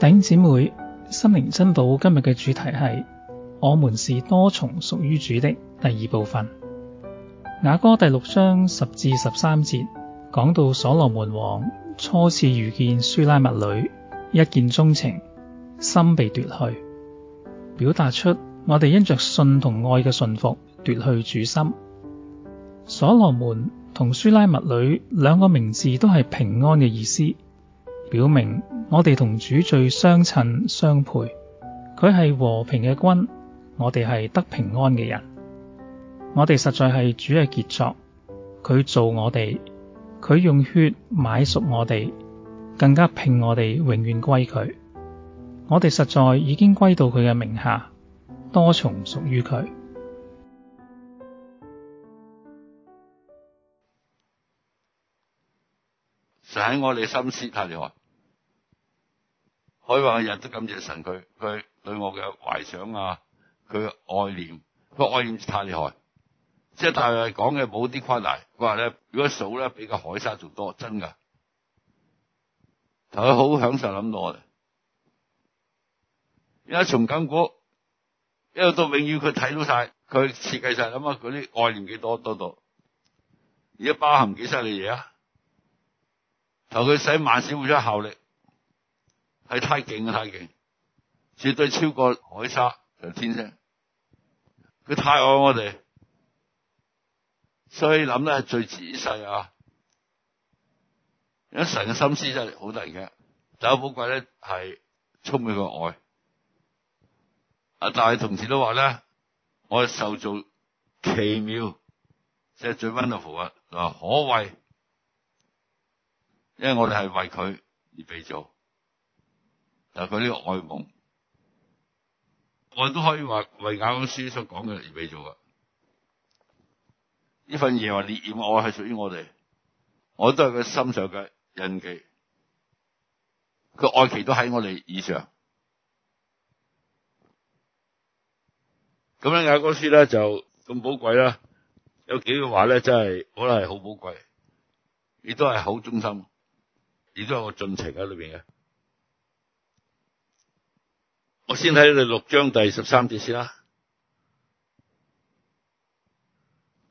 頂姐妹，心靈珍寶今日嘅主題係：我們是多重屬於主的第二部分。雅歌第六章十至十三節講到所羅門王初次遇見書拉密女，一見鐘情，心被奪去，表達出我哋因着信同愛嘅信服奪去主心。所羅門同書拉密女兩個名字都係平安嘅意思。表明我哋同主最相襯相配，佢係和平嘅君，我哋係得平安嘅人。我哋實在係主嘅傑作，佢做我哋，佢用血買贖我哋，更加聘我哋永遠歸佢。我哋實在已經歸到佢嘅名下，多重屬於佢。就喺我哋心思太厲害。佢話日日都感謝神，佢佢對我嘅懷想啊，佢嘅愛念，個愛念太厲害，即係但係講嘅冇啲誇大。佢話咧，如果數咧，比個海沙仲多，真噶。佢好享受諗到我哋。而家從金股，因為到永遠佢睇到晒，佢設計晒諗下佢啲愛念幾多，多多到，而家包含幾犀利嘢啊！求佢使萬少出效力。係太勁啊！太勁，絕對超過海沙，係天星。佢太愛我哋，所以諗得係最仔細啊！因為神嘅心思真係好靈嘅，第一寶貴咧係充滿個愛。啊！但係同時都話咧，我受造奇妙，即、就、係、是、最 wonderful 可畏，因為我哋係為佢而被造但係佢呢個愛夢我都可以話為雅歌書所講嘅而俾做噶。呢份嘢話烈焰愛係屬於我哋，我都係佢心上嘅印記，佢愛期都喺我哋以上。咁樣雅歌書咧就咁寶貴啦，有幾句話咧真係可能係好寶貴，亦都係好忠心，亦都係我盡情喺裏邊嘅。我先睇你六章第十三節先啦。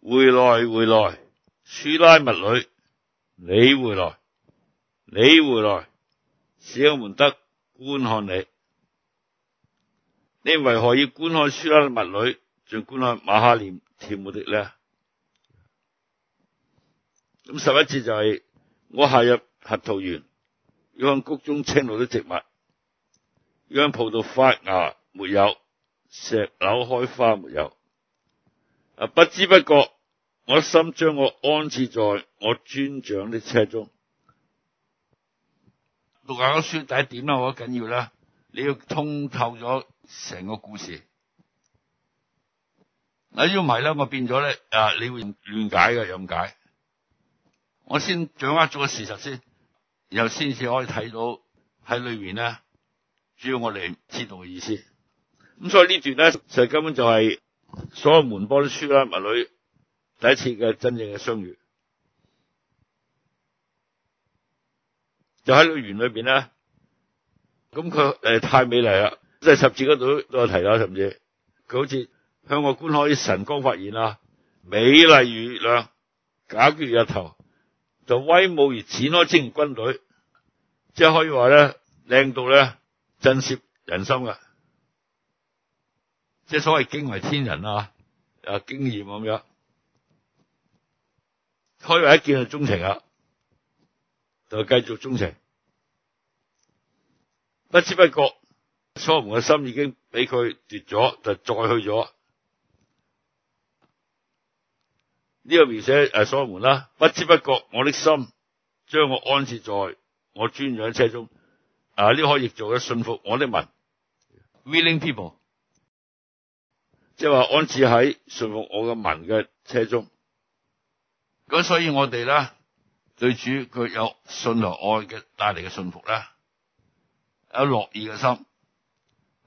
回來，回來，書拉密女，你回來，你回來，使我們得觀看你。你為何要觀看書拉密女，仲觀看瑪哈念跳舞的呢？咁十一節就係我下入核桃園，要向谷中青綠的植物。葡萄發芽沒有，石榴開花沒有啊。不知不覺，我心將我安置在我尊長的車中。讀雅歌書第一點咧，好緊要啦！你要通透咗成個故事，嗱，要唔係咧，我變咗咧啊！你會亂解嘅，亂解。我先掌握咗個事實先，然後先至可以睇到喺裏面咧。主要我哋知道嘅意思，咁所以段呢段咧，就根本就係所羅門波書拉密女第一次嘅真正嘅相遇，就喺個園裏邊咧。咁佢誒太美麗啦，即係十字嗰度都有提啦，甚至佢好似向外觀看晨光發現啦、啊，美麗如月亮，皎潔如日頭，就威武而展開旌旗軍隊，即係可以話咧，靚到咧。震懾人心啊，即係所謂驚為天人啊，啊，驚艷咁樣，可以一見就鍾情啊，就繼續鍾情，不知不覺，所門嘅心已經俾佢奪咗，就再去咗。呢個描寫誒，所、呃、門啦、啊，不知不覺，我的心將我安置在我尊長車中。啊！呢可以做嘅信服我的民，willing、yeah. people，即係話安置喺信服我嘅民嘅車中。咁所以我哋咧，對主佢有信和愛嘅帶嚟嘅信服咧，有樂意嘅心。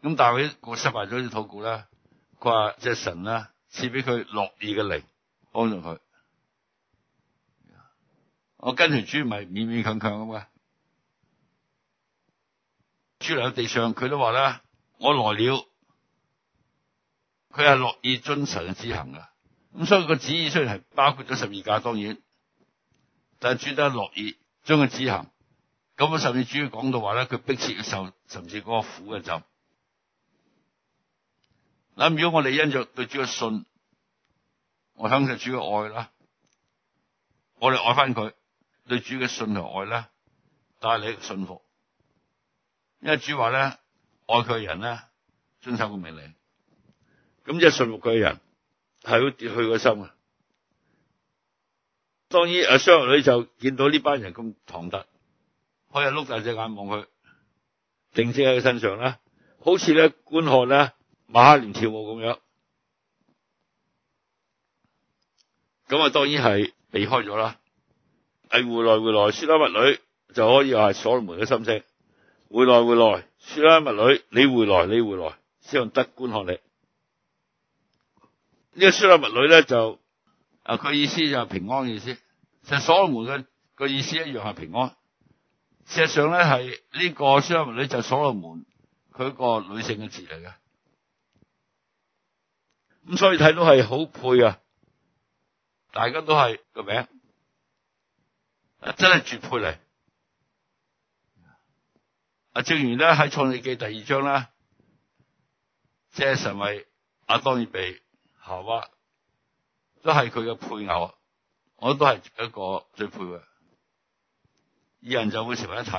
咁但係佢失敗咗啲禱告咧，佢話即係神咧賜俾佢樂意嘅靈幫助佢。我跟住主唔係勉勉強強咁嘛。主留喺地上，佢都話咧：我來了，佢係樂意遵神嘅旨行噶。咁所以個旨意雖然係包括咗十二架，當然，但係主都樂意將佢旨行。咁啊，甚至主要講到話咧，佢逼切要受，甚至嗰個苦嘅浸。嗱，如果我哋因着對主嘅信，我享受主嘅愛啦，我哋愛翻佢，對主嘅信同愛咧，帶你信服。因為主話咧，愛佢嘅人咧，遵守佢命令，咁一信服佢嘅人係會跌去個心啊。當然阿雙女就見到呢班人咁唐突，可以碌大隻眼望佢，定睛喺佢身上啦，好似咧觀看咧瑪哈念跳舞咁樣，咁啊當然係避開咗啦。係回來回來，書拉密女就可以話鎖門嘅心聲。回來回來，書拉密女，你回來你回來，先用得觀看你。呢、這個書拉密女咧就啊，佢意思就係平安嘅意思。其實所羅門嘅個意思一樣係平安。事實上咧係呢是、這個書拉密女就所羅門，佢一個女性嘅字嚟嘅。咁所以睇到係好配啊，大家都係個名，啊？真係絕配嚟。啊，正如咧喺創世記第二章呢，即係神為阿當而備夏娃，都係佢嘅配偶，我都係一個最配嘅。二人就會成為一體。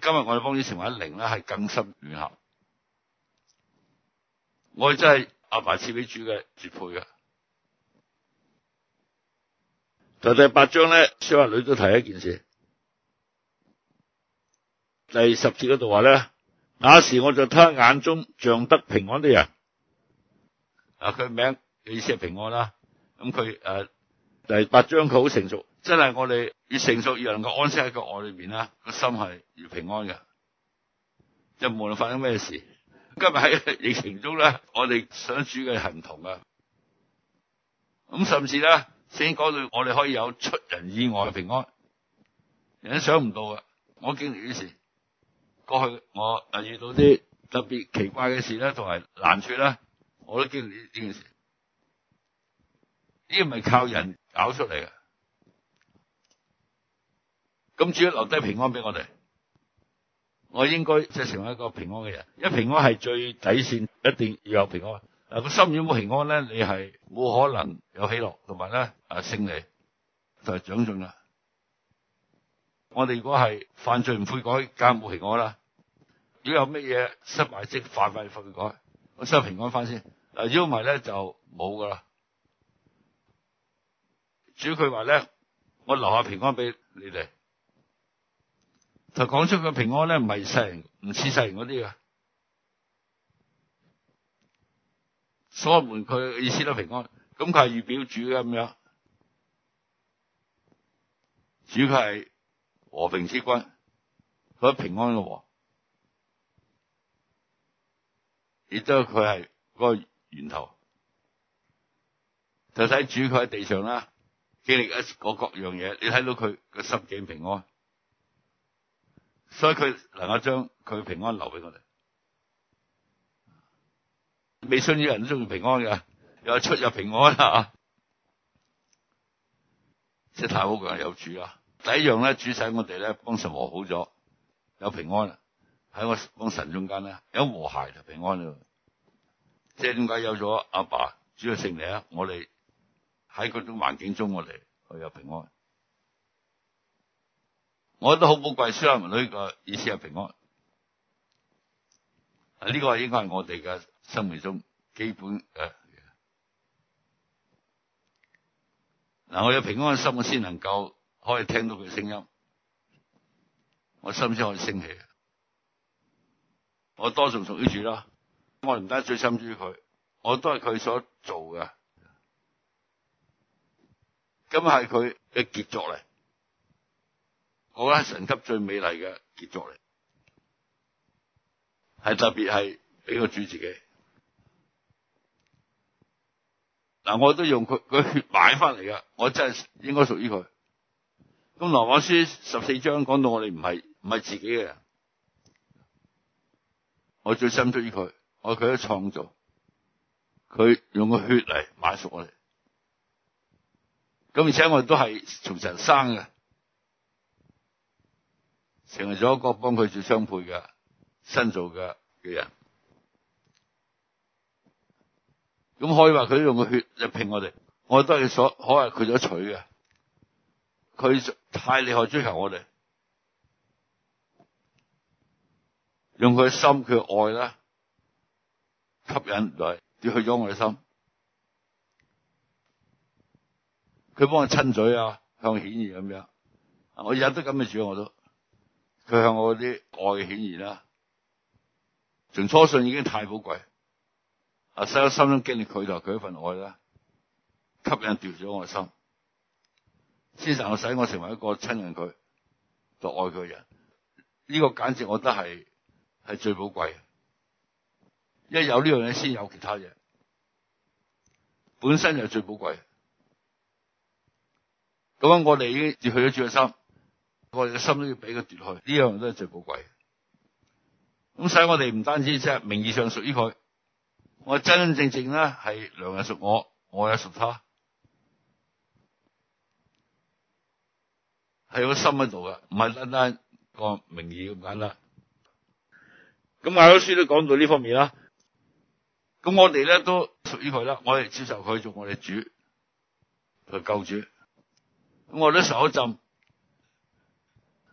今日我哋幫你成為一靈咧係更深聯合，我真係阿爸賜俾主嘅絕配嘅。就第八章咧，書拉密女都提一件事。第十節嗰度話咧，那時我在他眼中像得平安的人。啊，佢名意思係平安啦。咁佢，誒，第八章佢好成熟，真係我哋越成熟越能夠安息喺個愛裏邊啦。個心係越平安嘅，即無論發生咩事。今日喺疫情中咧，我哋想主嘅行同啊。咁甚至咧，先講到我哋可以有出人意外嘅平安，人想唔到嘅。我經歷啲事。過去我啊遇到啲特別奇怪嘅事咧，同埋難處咧，我都經歷呢件事。呢個唔係靠人搞出嚟嘅，咁主要留低平安俾我哋。我應該即係成為一個平安嘅人，因為平安係最底線，一定要有平安。咁個心願冇平安咧，你係冇可能有喜樂同埋咧啊勝利就係掌種啊。我哋如果係犯罪唔悔改，梗冇平安啦。如果有乜嘢失埋即犯罪悔改，我收平安翻先。嗱，如果唔係咧，就冇噶啦。主佢話咧，我留下平安俾你哋。就講出佢平安咧，唔係世人，唔似世人嗰啲噶。所門佢意思都平安，咁佢係預表主嘅咁樣。主佢係。和平之君，佢係平安嘅王，亦都佢係嗰個源頭。就睇住主佢喺地上啦，經歷一各各樣嘢，你睇到佢個心境平安，所以佢能夠將佢平安留俾我哋。未信嘅人都中意平安嘅，又出入平安是有主啊！即係太好，佢係有主啦。第一樣咧，主使我哋咧，幫神和好咗，有平安喇。喺我幫神中間咧，有和諧就平安。即係點解有咗阿爸，爸主要勝利啊？我哋喺嗰種環境中我，我哋佢有平安。我覺得好寶貴，書拉密女個意思係平安。呢、啊這個應該係我哋嘅生命中基本嗱、啊啊，我有平安心，我先能夠。可以聽到佢聲音，我心先可以升起。我多重屬於主啦，我唔單最深處佢，我都係佢所做嘅，咁係佢嘅傑作嚟。我覺得神級最美麗嘅傑作嚟，係特別係俾個主自己。嗱，我都用佢佢血買翻嚟嘅，我真係應該屬於佢。咁《羅馬書》十四章講到我哋唔係唔係自己嘅，我最深出於佢，我係佢嘅創造，佢用個血嚟買贖我哋，咁而且我哋都係從神生嘅，成為咗一個幫佢最相配嘅新造嘅嘅人，咁可以話佢用個血嚟聘我哋，我都係所可係佢所取嘅。佢太厲害追求我哋，用佢心佢愛啦，吸引來，掉去咗我嘅心。佢幫我親嘴啊，向顯現咁樣，我日都咁嘅主我都，佢向我啲愛顯現啦，從初信已經太寶貴，阿使咗心中經歷佢就佢份愛啦，吸引掉咗我嘅心。先生，我使我成為一個親人佢、就愛佢嘅人，呢、這個簡直我覺得係係最寶貴。因為一有呢樣嘢，先有其他嘢，本身就係最寶貴。咁我哋已經奪去咗主嘅心，我哋嘅心都要俾佢奪去，呢樣都係最寶貴。咁使我哋唔單止即係名義上屬於佢，我真真正正咧係良人屬我，我亦屬他。係個心喺度㗎，唔係單單個名義咁簡單。咁雅歌書都講到呢方面啦。咁我哋咧都屬於佢啦，我哋接受佢做我哋主，佢救主。咁我都受咗浸。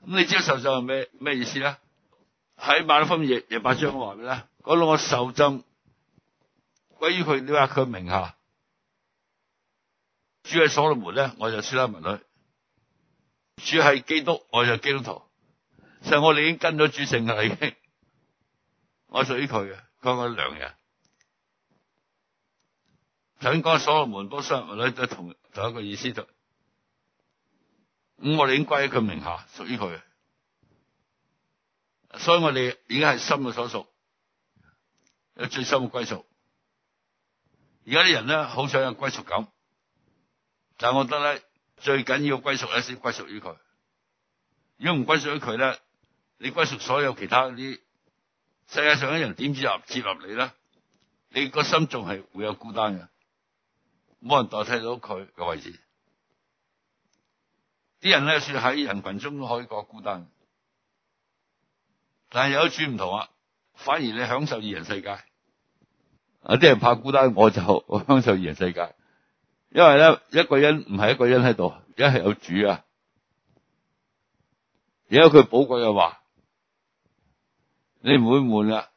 咁你知接受就係咩咩意思咧？喺馬太福音廿廿八章嘅咩咧？講到我受浸歸於佢，你話佢名下。主係所羅門咧，我就書拉密女。主係基督，我就基督徒，所以我哋已經跟咗主成噶啦，已經我屬於佢嘅，佢個良人。頭先講所有門徒、信徒都同同一個意思，就咁我哋已經歸喺佢名下，屬於佢。所以我哋已經係心嘅所屬，有最深嘅歸屬。而家啲人咧好想有歸屬感，但我覺得咧。最緊要歸屬一先，歸屬於佢。如果唔歸屬於佢咧，你歸屬所有其他啲世界上啲人點接入接納你咧？你個心仲係會有孤單嘅，冇人代替到佢嘅位置。啲人咧説喺人群中可以過孤單，但係有主唔同啊，反而你享受二人世界。有啲人怕孤單，我就呵呵我享受二人世界。因為咧，一個人唔係一個人喺度，一係有主啊，如果佢寶貴嘅話，你唔會悶啊。